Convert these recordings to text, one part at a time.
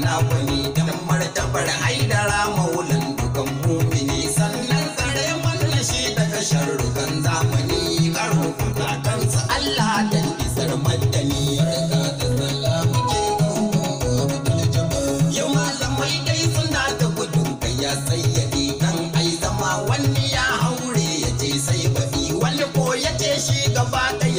na wani dan martabar haidara maulan dukan mumini sannan tsare mana shi daga sharrukan zamani karo kansa Allah dan isar madani malamai dai suna da gudun kai ya sayyadi nan ai zama wani ya haure ya ce sai baɗi wani ko ya ce shi gaba ɗaya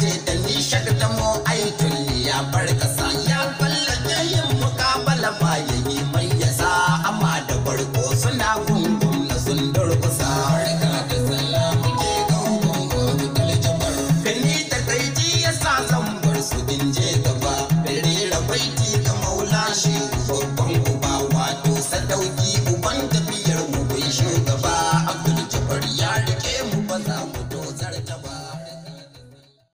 je da ni shakta mu aikin ya bar kasa ya fallake yin mukabala ba ya yi mai yasa amma da barko suna gungun na sun durkusa barka da Salamu ke gaubon gobe daljabar da ni ta yasa zan bar su in je gaba da rera baiti ga maula shi